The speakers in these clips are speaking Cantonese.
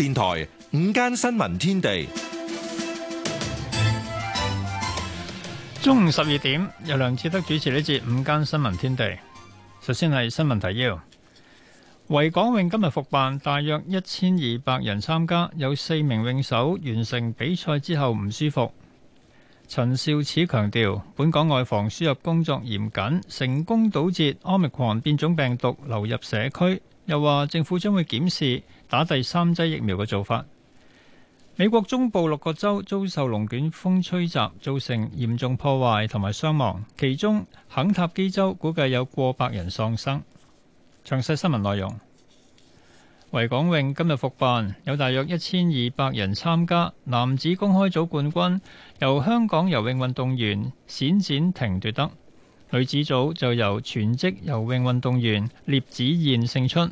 電台午間新聞天地，中午十二點由梁志德主持呢節午間新聞天地。首先係新聞提要，維港泳今日復辦，大約一千二百人參加，有四名泳手完成比賽之後唔舒服。陳肇始強調，本港外防輸入工作嚴謹，成功堵截奧密克戎變種病毒流入社區。又話政府將會檢視打第三劑疫苗嘅做法。美國中部六個州遭受龍捲風吹襲，造成嚴重破壞同埋傷亡，其中肯塔基州估計有過百人喪生。詳細新聞內容。維港泳今日復辦，有大約一千二百人參加。男子公開組冠軍由香港游泳運動員冼展霆奪得，女子組就由全職游泳運動員聶子燕勝出。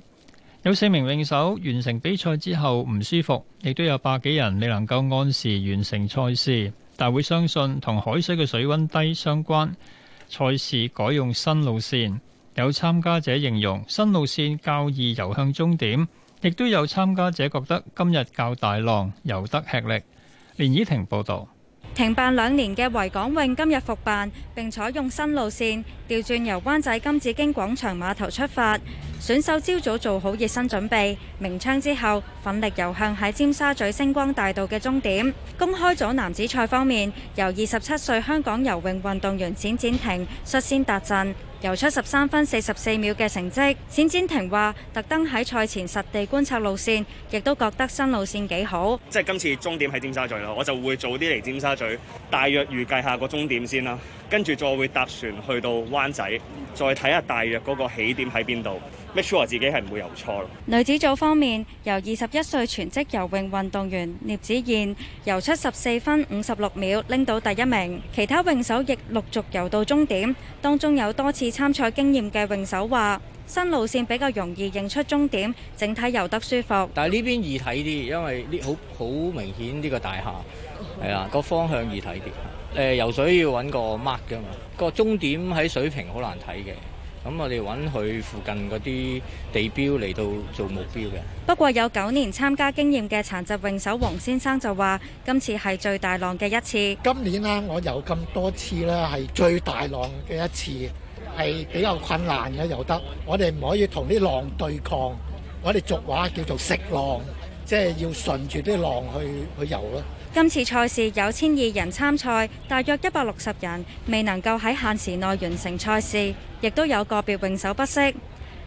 有四名泳手完成比賽之後唔舒服，亦都有百幾人未能夠按時完成賽事。大會相信同海水嘅水溫低相關，賽事改用新路線。有參加者形容新路線較易遊向終點。亦都有參加者覺得今日較大浪，遊得吃力。連怡婷報導。停辦兩年嘅維港泳今日復辦，並採用新路線，調轉由灣仔金紫荊廣場碼頭出發。選手朝早做好熱身準備，鳴槍之後，奮力遊向喺尖沙咀星光大道嘅終點。公開組男子賽方面，由二十七歲香港游泳運動員冼展婷率先達陣。游出十三分四十四秒嘅成績，冼展霆話特登喺賽前實地觀察路線，亦都覺得新路線幾好。即係今次終點喺尖沙咀啦，我就會早啲嚟尖沙咀，大約預計下個終點先啦，跟住再會搭船去到灣仔，再睇下大約嗰個起點喺邊度。make sure 自己係唔會游錯咯。女子組方面，由二十一歲全職游泳運動員聶子燕游出十四分五十六秒，拎到第一名。其他泳手亦陸續游到終點，當中有多次參賽經驗嘅泳手話：新路線比較容易認出終點，整體游得舒服。但係呢邊易睇啲，因為呢好好明顯呢個大廈係啊個方向易睇啲。誒，游水要揾個 mark 㗎嘛，個終點喺水平好難睇嘅。咁我哋揾佢附近嗰啲地標嚟到做目標嘅。不過有九年參加經驗嘅殘疾泳手黃先生就話，今次係最大浪嘅一次。今年咧，我遊咁多次咧，係最大浪嘅一次，係比較困難嘅遊得。我哋唔可以同啲浪對抗，我哋俗話叫做食浪，即係要順住啲浪去去游咯。今次賽事有千二人參賽，大約一百六十人未能夠喺限時內完成賽事，亦都有個別泳手不適。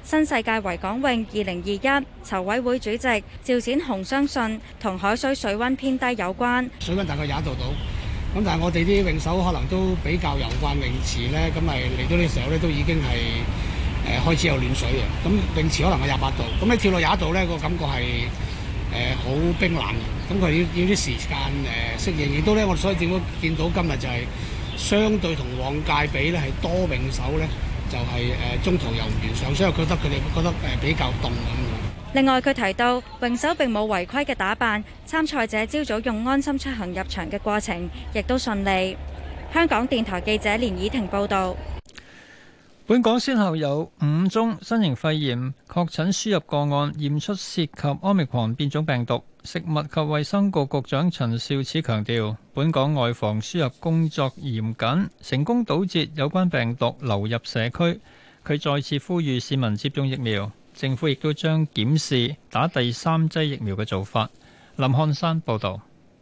新世界維港泳二零二一籌委會主席趙展雄相信同海水水溫偏低有關。水溫大概廿度到，咁但係我哋啲泳手可能都比較游慣泳池咧，咁咪嚟到呢時候咧都已經係誒開始有暖水嘅，咁泳池可能係廿八度，咁你跳落廿度咧、呢個感覺係。誒好、呃、冰冷，咁、嗯、佢要要啲時間誒、呃、適應。亦都咧，我哋所以點解見到今日就係相對同往屆比咧係多泳手咧，就係、是、誒、呃、中途遊完上，所以覺得佢哋覺得誒比較凍。另外，佢提到泳手並冇違規嘅打扮，參賽者朝早用安心出行入場嘅過程亦都順利。香港電台記者連以婷報道。本港先後有五宗新型肺炎確診輸入個案，驗出涉及奧密克戎變種病毒。食物及衛生局局長陳肇始強調，本港外防輸入工作嚴謹，成功堵截有關病毒流入社區。佢再次呼籲市民接種疫苗。政府亦都將檢視打第三劑疫苗嘅做法。林漢山報道。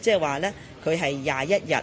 即係話咧，佢係廿一日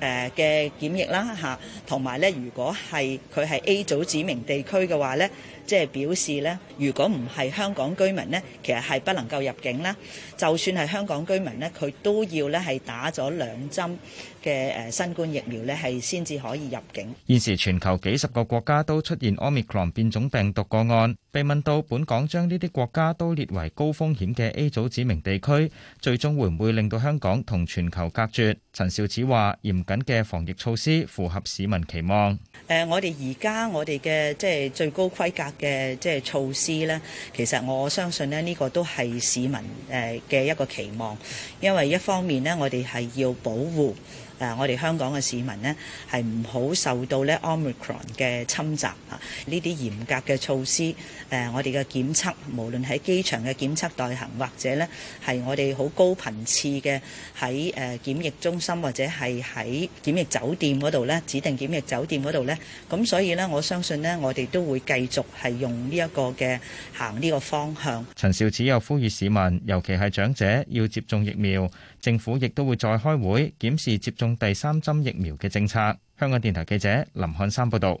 誒嘅檢疫啦吓，同埋咧，如果係佢係 A 組指明地區嘅話咧。即係表示咧，如果唔係香港居民咧，其實係不能夠入境啦。就算係香港居民咧，佢都要咧係打咗兩針嘅誒新冠疫苗咧，係先至可以入境。現時全球幾十個國家都出現 Omicron 變種病毒個案。被問到本港將呢啲國家都列為高風險嘅 A 組指明地區，最終會唔會令到香港同全球隔絕？陳肇始話：嚴謹嘅防疫措施符合市民期望。誒，我哋而家我哋嘅即係最高規格。嘅即係措施咧，其實我相信咧，呢、這個都係市民誒嘅一個期望，因為一方面咧，我哋係要保護。誒，我哋香港嘅市民呢，係唔好受到呢 Omicron 嘅侵襲啊！呢啲嚴格嘅措施，誒，我哋嘅檢測，無論喺機場嘅檢測代行，或者呢係我哋好高頻次嘅喺誒檢疫中心，或者係喺檢疫酒店嗰度咧，指定檢疫酒店嗰度呢，咁所以呢，我相信呢，我哋都會繼續係用呢一個嘅行呢個方向。陳肇始又呼籲市民，尤其係長者，要接種疫苗。政府亦都會再開會檢視接種第三針疫苗嘅政策。香港電台記者林漢山報道。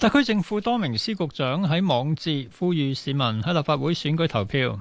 特區政府多名司局長喺網誌呼籲市民喺立法會選舉投票，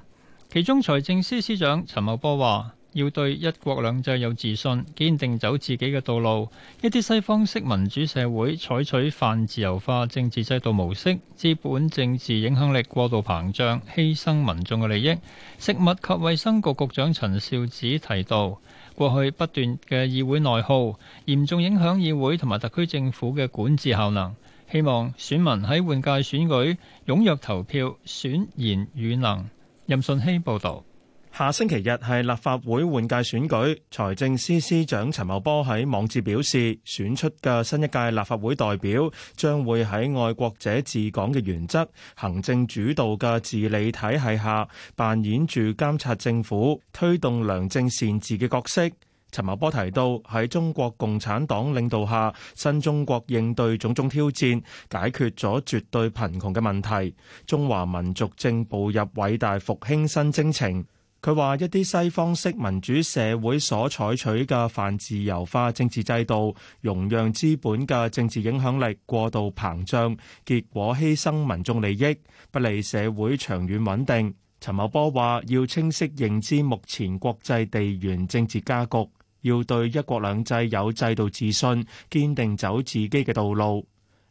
其中財政司司司長陳茂波話要對一國兩制有自信，堅定走自己嘅道路。一啲西方式民主社會採取泛自由化政治制度模式，資本政治影響力過度膨脹，犧牲民眾嘅利益。食物及衛生局局長陳肇始提到，過去不斷嘅議會內耗，嚴重影響議會同埋特區政府嘅管治效能。希望選民喺換屆選舉踴躍投票，選賢與能。任信希報導。下星期日係立法會換屆選舉，財政司司長陳茂波喺網誌表示，選出嘅新一屆立法會代表將會喺愛國者治港嘅原則、行政主導嘅治理體系下扮演住監察政府、推動良政善治嘅角色。陳茂波提到，喺中國共產黨領導下，新中國應對種種挑戰，解決咗絕對貧窮嘅問題，中華民族正步入偉大復興新征程。佢話：一啲西方式民主社會所採取嘅泛自由化政治制度，容讓資本嘅政治影響力過度膨脹，結果犧牲民眾利益，不利社會長遠穩定。陳茂波話：要清晰認知目前國際地緣政治格局，要對一國兩制有制度自信，堅定走自己嘅道路。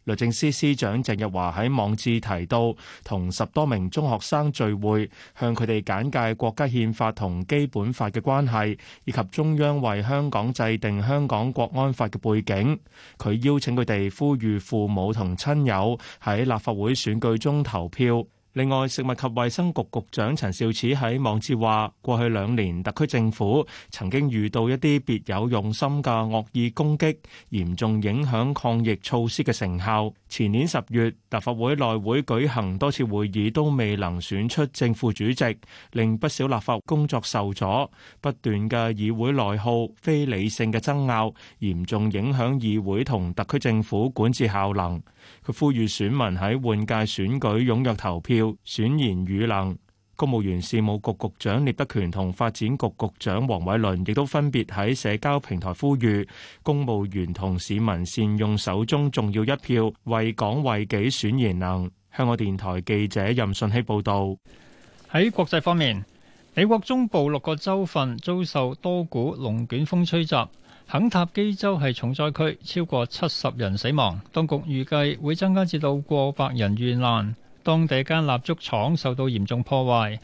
律政司司長鄭日華喺網誌提到，同十多名中學生聚會，向佢哋簡介國家憲法同基本法嘅關係，以及中央為香港制定香港國安法嘅背景。佢邀請佢哋呼籲父母同親友喺立法會選舉中投票。另外，食物及衛生局局長陳肇始喺網誌話：過去兩年，特區政府曾經遇到一啲別有用心嘅惡意攻擊，嚴重影響抗疫措施嘅成效。前年十月，立法會內會舉行多次會議，都未能選出正副主席，令不少立法工作受阻。不斷嘅議會內耗、非理性嘅爭拗，嚴重影響議會同特區政府管治效能。佢呼籲選民喺換屆選舉踴躍投票。選賢與能，公務員事務局局長聶德權同發展局局長黃偉綸亦都分別喺社交平台呼籲公務員同市民善用手中重要一票，為港為己選賢能。香港電台記者任信希報道。喺國際方面，美國中部六個州份遭受多股龍捲風吹襲，肯塔基州係重災區，超過七十人死亡，當局預計會增加至到過百人遇難。當地間蠟燭廠受到嚴重破壞，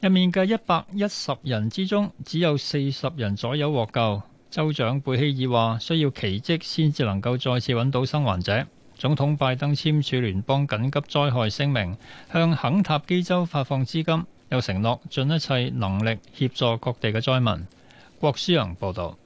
入面嘅一百一十人之中，只有四十人左右獲救。州長貝希爾話，需要奇蹟先至能夠再次揾到生還者。總統拜登簽署聯邦緊急災害聲明，向肯塔基州發放資金，又承諾盡一切能力協助各地嘅災民。郭書恆報道。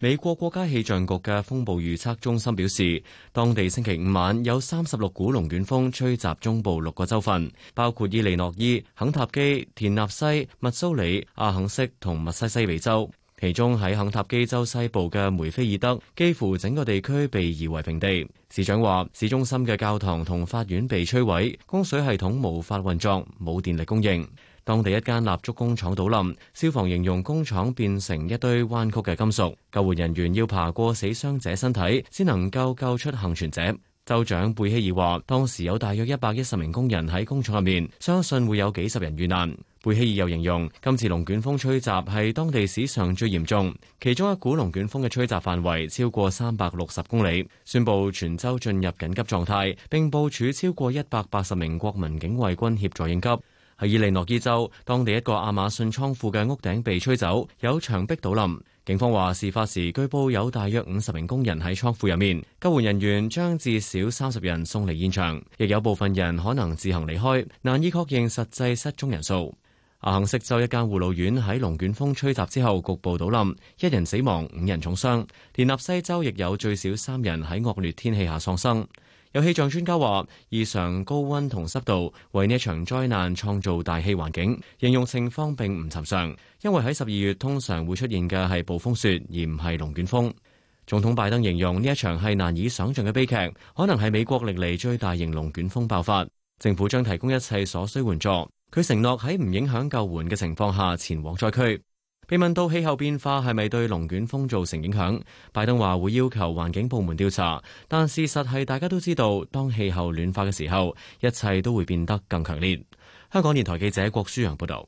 美國國家氣象局嘅風暴預測中心表示，當地星期五晚有三十六股龍捲風吹襲中部六個州份，包括伊利諾伊、肯塔基、田納西、密蘇里、阿肯色同密西西比州。其中喺肯塔基州西部嘅梅菲爾德，幾乎整個地區被夷為平地。市長話，市中心嘅教堂同法院被摧毀，供水系統無法運作，冇電力供應。當地一間蠟燭工廠倒冧，消防形容工廠變成一堆彎曲嘅金屬，救援人員要爬過死傷者身體先能夠救出幸存者。州長貝希爾話：當時有大約一百一十名工人喺工廠入面，相信會有幾十人遇難。貝希爾又形容今次龍捲風吹襲係當地史上最嚴重，其中一股龍捲風嘅吹襲範圍超過三百六十公里，宣布全州進入緊急狀態，並部署超過一百八十名國民警衛軍協助應急。喺伊利諾伊州，當地一個亞馬遜倉庫嘅屋頂被吹走，有牆壁倒冧。警方話，事發時據報有大約五十名工人喺倉庫入面，救援人員將至少三十人送嚟現場，亦有部分人可能自行離開，難以確認實際失蹤人數。阿肯色州一間護老院喺龍捲風吹襲之後局部倒冧，一人死亡，五人重傷。田納西州亦有最少三人喺惡劣天氣下喪生。有氣象專家話：異常高温同濕度為呢一場災難創造大氣環境。形容情況並唔尋常，因為喺十二月通常會出現嘅係暴風雪，而唔係龍捲風。總統拜登形容呢一場係難以想像嘅悲劇，可能係美國歷嚟最大型龍捲風爆發。政府將提供一切所需援助。佢承諾喺唔影響救援嘅情況下前往災區。被問到氣候變化係咪對龍捲風造成影響，拜登話會要求環境部門調查。但事實係大家都知道，當氣候暖化嘅時候，一切都會變得更強烈。香港電台記者郭舒揚報導。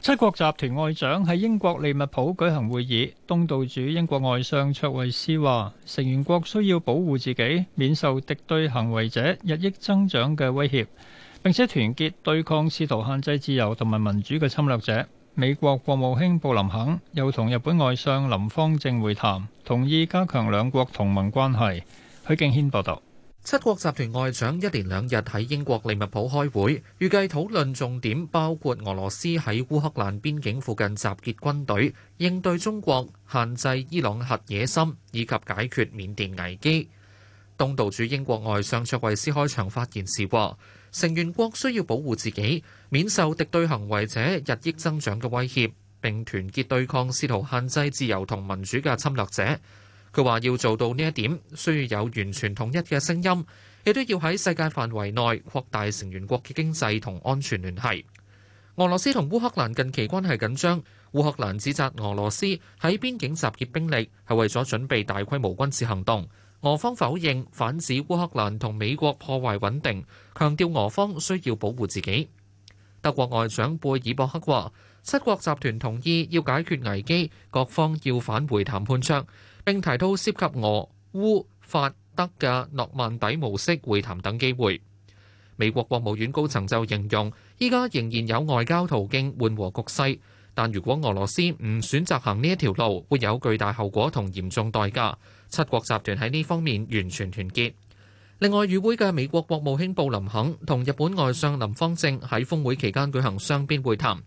七國集團外長喺英國利物浦舉行會議，東道主英國外相卓慧斯話：成員國需要保護自己免受敵對行為者日益增長嘅威脅，並且團結對抗試圖限制自由同埋民主嘅侵略者。美國國務卿布林肯又同日本外相林芳正會談，同意加強兩國同盟關係。許敬軒報道，七國集團外長一連兩日喺英國利物浦開會，預計討論重點包括俄羅斯喺烏克蘭邊境附近集結軍隊、應對中國限制伊朗核野心，以及解決緬甸危機。東道主英國外相卓慧思開場發言時話：成員國需要保護自己，免受敵對行為者日益增長嘅威脅，並團結對抗試圖限制自由同民主嘅侵略者。佢話要做到呢一點，需要有完全統一嘅聲音，亦都要喺世界範圍內擴大成員國嘅經濟同安全聯繫。俄羅斯同烏克蘭近期關係緊張，烏克蘭指責俄羅斯喺邊境集結兵力，係為咗準備大規模軍事行動。俄方否認，反指烏克蘭同美國破壞穩定，強調俄方需要保護自己。德國外長貝爾伯克話七國集團同意要解決危機，各方要返回談判桌。並提到涉及俄烏法德嘅諾曼底模式會談等機會。美國國務院高層就形容，依家仍然有外交途徑緩和局勢，但如果俄羅斯唔選擇行呢一條路，會有巨大後果同嚴重代價。七國集團喺呢方面完全團結。另外，與會嘅美國國務卿布林肯同日本外相林芳正喺峰會期間舉行雙邊會談。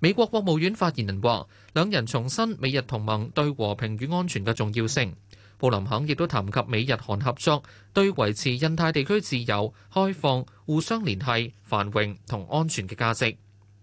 美國國務院發言人話，兩人重申美日同盟對和平與安全嘅重要性。布林肯亦都談及美日韓合作對維持印太地區自由、開放、互相聯繫、繁榮同安全嘅價值。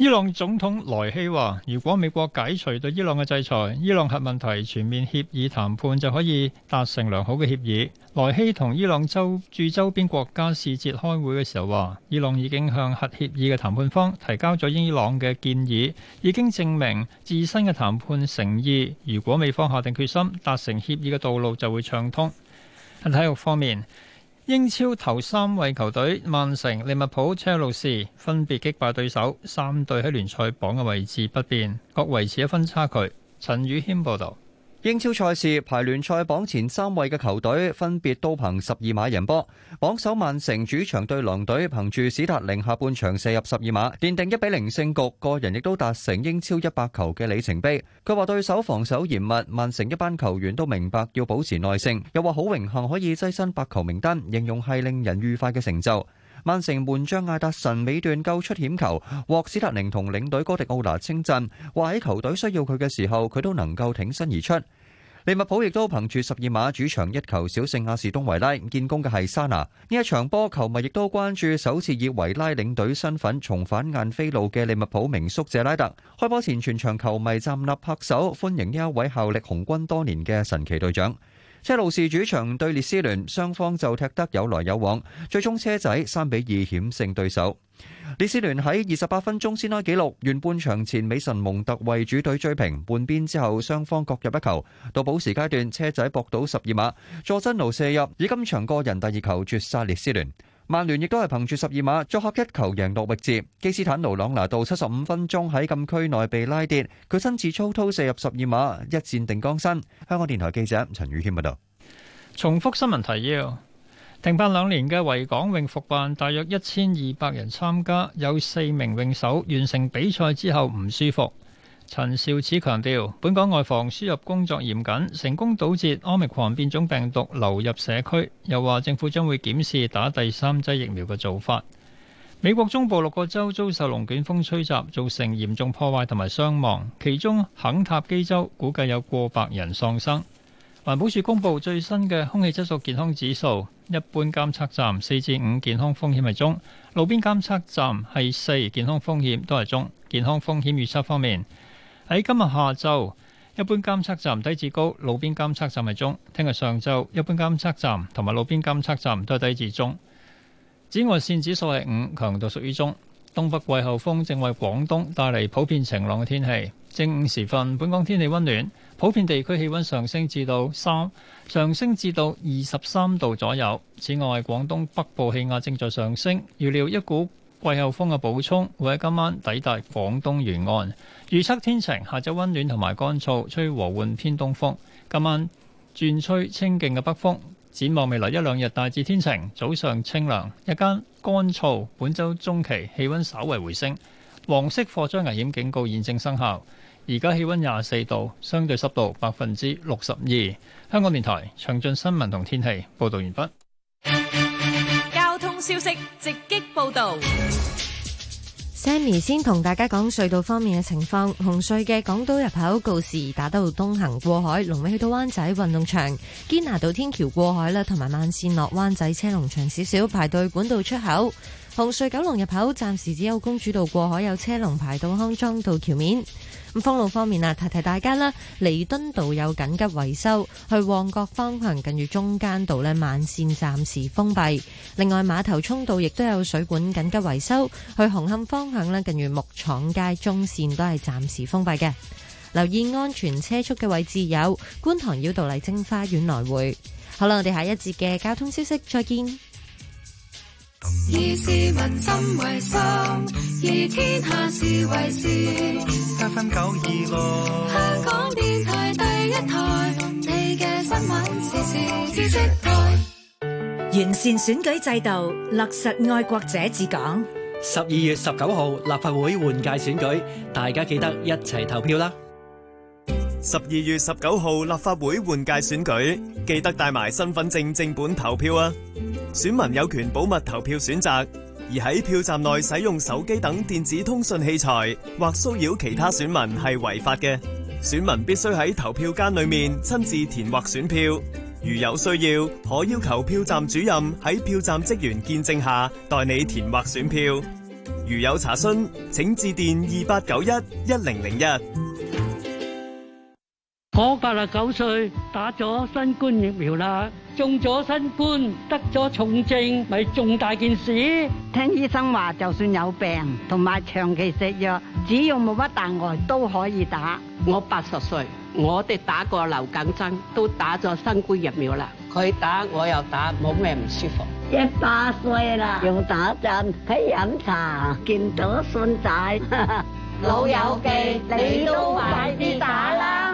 伊朗總統萊希話：如果美國解除對伊朗嘅制裁，伊朗核問題全面協議談判就可以達成良好嘅協議。萊希同伊朗周駐周邊國家使節開會嘅時候話：伊朗已經向核協議嘅談判方提交咗伊朗嘅建議，已經證明自身嘅談判誠意。如果美方下定決心，達成協議嘅道路就會暢通。喺體育方面。英超頭三位球隊曼城、利物浦、車路士分別擊敗對手，三隊喺聯賽榜嘅位置不變，各維持一分差距。陳宇謙報道。英超賽事排聯賽榜前三位嘅球隊分別都憑十二碼贏波。榜首曼城主場對狼隊，憑住史特寧下半場射入十二碼，奠定一比零勝局。個人亦都達成英超一百球嘅里程碑。佢話對手防守嚴密，曼城一班球員都明白要保持耐性。又話好榮幸可以躋身百球名單，形容係令人愉快嘅成就。曼城門將艾達臣尾段救出險球，獲史特寧同領隊哥迪奧拿稱讚。話喺球隊需要佢嘅時候，佢都能夠挺身而出。利物浦亦都憑住十二碼主場一球小勝亞士東維拉，建功嘅係沙拿。呢一場波，球迷亦都關注首次以維拉領隊身份重返晏菲路嘅利物浦名宿謝拉特。開波前全場球迷站立拍手，歡迎呢一位效力紅軍多年嘅神奇隊長。車路士主場對列斯聯，雙方就踢得有來有往，最終車仔三比二險勝對手。列斯聯喺二十八分鐘先開紀錄，完半場前美神蒙特為主隊追平，半邊之後雙方各入一球。到保時階段，車仔博到十二碼，佐真奴射入，以今場個人第二球絕殺列斯聯。曼聯亦都係憑住十二碼作客一球贏諾域治，基斯坦奴朗拿度七十五分鐘喺禁區內被拉跌，佢親自操刀射入十二碼，一戰定江山。香港電台記者陳宇謙報道。重複新聞提要：停辦兩年嘅維港泳復辦，大約一千二百人參加，有四名泳手完成比賽之後唔舒服。陳肇始強調，本港外防輸入工作嚴謹，成功堵截 Omicron 變種病毒流入社區。又話政府將會檢視打第三劑疫苗嘅做法。美國中部六個州遭受龍捲風吹襲，造成嚴重破壞同埋傷亡，其中肯塔基州估計有過百人喪生。環保署公布最新嘅空氣質素健康指數，一般監測站四至五健康風險係中，路邊監測站係四健康風險都係中。健康風險預測方面。喺今日下晝，一般監測站低至高，路邊監測站係中。聽日上晝，一般監測站同埋路邊監測站都係低至中。紫外線指數係五，強度屬於中。東北季候風正為廣東帶嚟普遍晴朗嘅天氣。正午時分，本港天氣溫暖，普遍地區氣溫上升至到三，上升至到二十三度左右。此外，廣東北部氣壓正在上升，預料一股季候風嘅補充會喺今晚抵達廣東沿岸，預測天晴，下晝温暖同埋乾燥，吹和緩偏東風。今晚轉吹清勁嘅北風，展望未來一兩日大致天晴，早上清涼，日間乾燥。本週中期氣温稍為回升。黃色火災危險警告現正生效。而家氣温廿四度，相對濕度百分之六十二。香港電台詳盡新聞同天氣報導完畢。消息直擊報道，Sammy 先同大家講隧道方面嘅情況。紅隧嘅港島入口告士打道東行過海，龍尾去到灣仔運動場，堅拿道天橋過海啦，同埋慢線落灣仔車龍長少少，排隊管道出口。紅隧九龍入口暫時只有公主道過海有車龍排到康莊道橋面。咁封路方面啊，提提大家啦，彌敦道有緊急維修，去旺角方向近住中間道咧慢線暫時封閉。另外馬頭涌道亦都有水管緊急維修，去紅磡方向咧近住木廠街中線都係暫時封閉嘅。留意安全車速嘅位置有觀塘繞道麗晶花園來回。好啦，我哋下一節嘅交通消息再見。以市民心為心，以天下事為事。九二六香港電台第一台，你嘅新聞時事知識台。完善選舉制度，落實愛國者治港。十二月十九號立法會換屆選舉，大家記得一齊投票啦！十二月十九號立法會換屆選舉，記得帶埋身份證正本投票啊！選民有權保密投票選擇，而喺票站內使用手機等電子通訊器材，或騷擾其他選民係違法嘅。選民必須喺投票間裏面親自填劃選票，如有需要，可要求票站主任喺票站職員見證下代你填劃選票。如有查詢，請致電二八九一一零零一。我八十九歲，打咗新冠疫苗啦，中咗新冠，得咗重症，咪仲大件事。聽醫生話，就算有病同埋長期食藥，只要冇乜大礙都可以打。我八十歲，我哋打過流感針，都打咗新冠疫苗啦。佢打我又打，冇咩唔舒服。一百歲啦，又打針，去飲茶，見到孫仔，老友記，你都快啲打啦！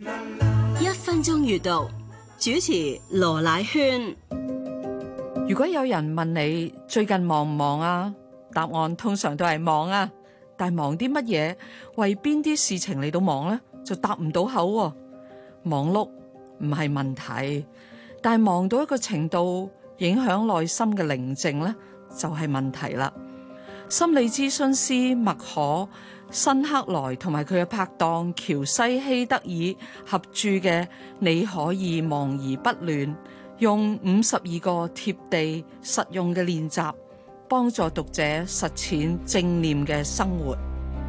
一分鐘閱讀，主持羅乃軒。如果有人問你最近忙唔忙啊，答案通常都係忙啊，但係忙啲乜嘢，為邊啲事情嚟到忙呢？就答唔到口。忙碌唔係問題，但係忙到一個程度影響內心嘅寧靜呢，就係、是、問題啦。心理諮詢師麥可辛克萊同埋佢嘅拍檔喬西希德爾合著嘅《你可以忙而不亂》，用五十二個貼地實用嘅練習，幫助讀者實踐正念嘅生活。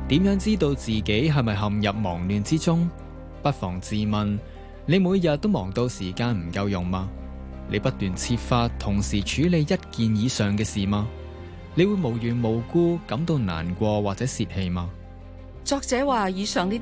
點樣知道自己係咪陷入忙亂之中？不妨自問：你每日都忙到時間唔夠用嗎？你不斷設法同時處理一件以上嘅事嗎？你會無緣無故感到難過或者泄氣嗎？作者話以上呢。